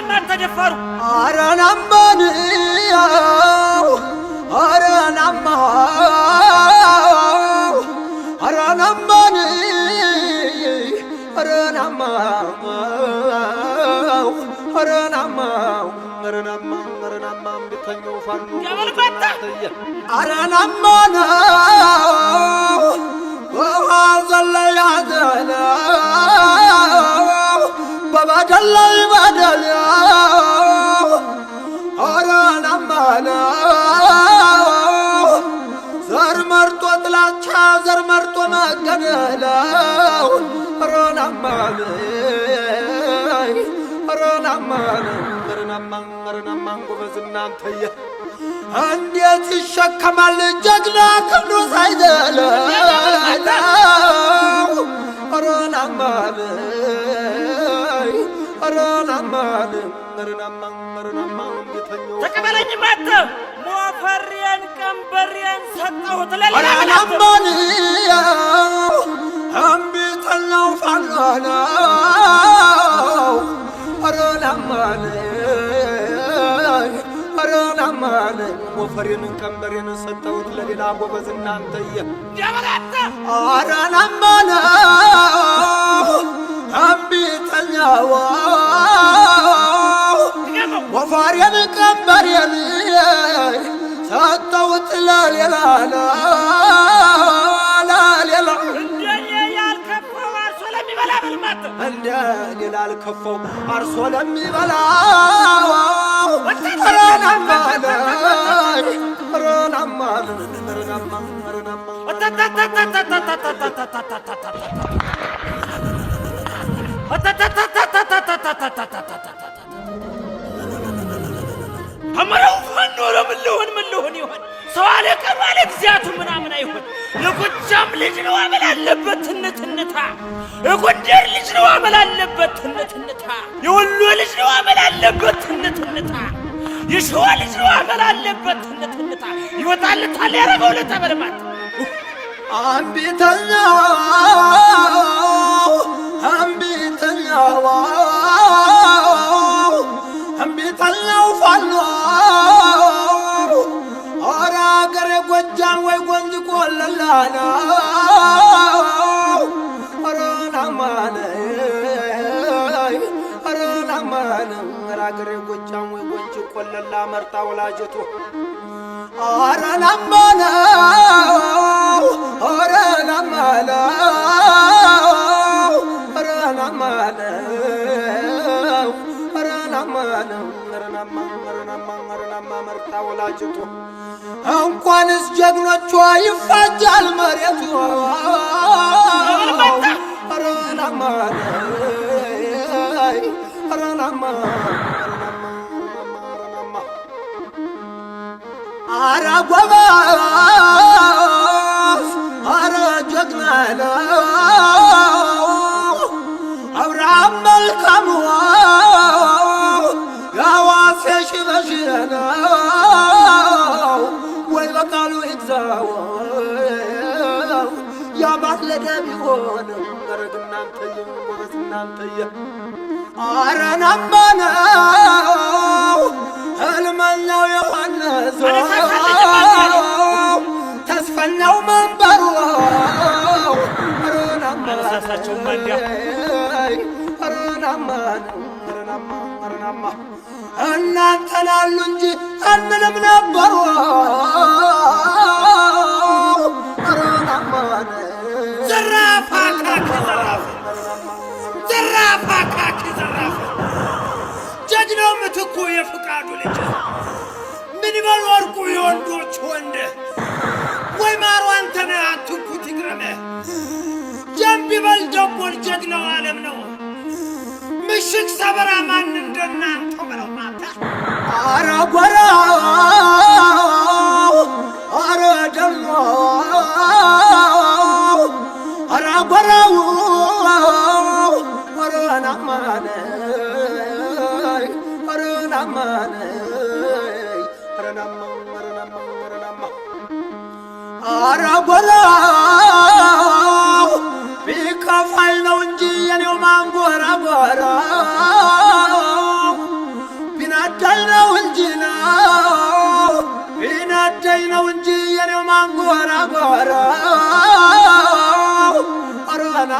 እናንተ ደፋሩ አረናማንያው አረናማ አረናማን አረናማ አረናማ አረናማ አረናማ ብተኛው ፋኑ ያበልኳታ አረናማ ነው በበደል ላይ በደ ላውን ሮናማ ሮናማ ረናማ ረናማ ጎበዝ እናንተየ እንዴት ይሸከማል ጀግና ቅዱስ አይደለ ሮናማ ተቀበለኝ ማተ ሞፈሬን ቀንበሬን ሰጠሁት ለሌላማንያ አንቢተኛው ፋናናው አረላማን አረላማን ሞፈሬን ቀንበሬን ሰጠሁት ለሌላ ጎበዝ እናንተየ ደበላተ አረላማናው ዙፋሬን ቀንበሬን ሰጠሁት ለሌላ እንደ ሌላ አልከፋው አርሶ ለሚበላ ረናማ አማራው ፋኖ ነው። ምን ልሆን ምን ልሆን ይሆን ሰው ምናምን አይሆን። የጎጃም ልጅ ነው አመል አለበት ትንትንታ፣ የጎንደር ልጅ ነው አመል አለበት ትንትንታ፣ የወሎ ልጅ ነው አመል አለበት ትንትንታ፣ የሸዋ ልጅ ነው አመል አለበት ትንትንታ። ያረገው ለተበልማት አንቢተኛዋ ሀገሬ ጎጃም ወይ ጎንጅ ቆለላ መርጣ ወላጀቶ አረ ለመነው መርታ ወላጅቱ እንኳንስ ጀግኖቿ ይፋጃል መሬቱ አረ ጎበዝ አረ ጀግና እናንተየ ጎበዝ እናንተየ አረ ናባ ነው ህልመኛው ዮሐንስ ተስፈኛው መንበሩ እናንተ ናሉ እንጂ አንልም ነበሩ የአንጎል ጀግናው ዓለም ነው። ምሽግ ሰበራ ማን እንደናንተ ብለው ማታ አረጓራ አረደሎ አረጓራው አረናማነ አረናማነ አረናማ አረናማ አረጓራ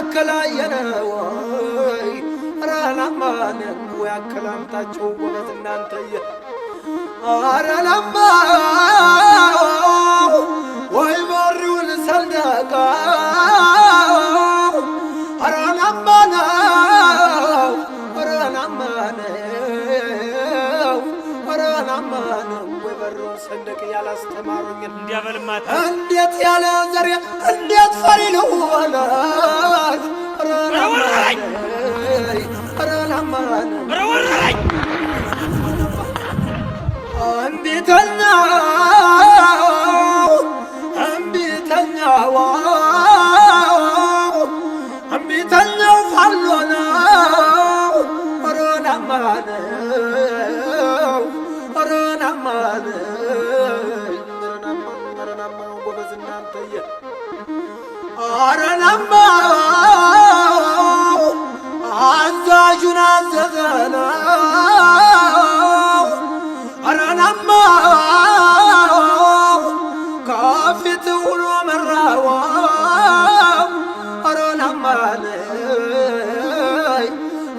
ያከላየነ ወይ ራላማን ያከላምታቸው ጎበት እናንተየ እንዴት ያለ ዘሬ እንዴት ፈሪ ነው ረወረኝ ረወረኝ እንዴት አንተየ አረነማ አዛዡን አዘዘነው አረነማ ከፊት ውሎ መራዋ አረነማን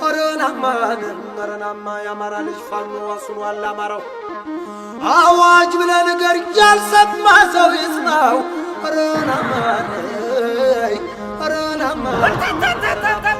አረነማን አረነማ የአማራ ልጅ ፋኖ አስኖ አላማራው አዋጅ ብለህ ንገር ያልሰማ ሰው ይጽናው ኧረ ናማነኝ ኧረ ናማ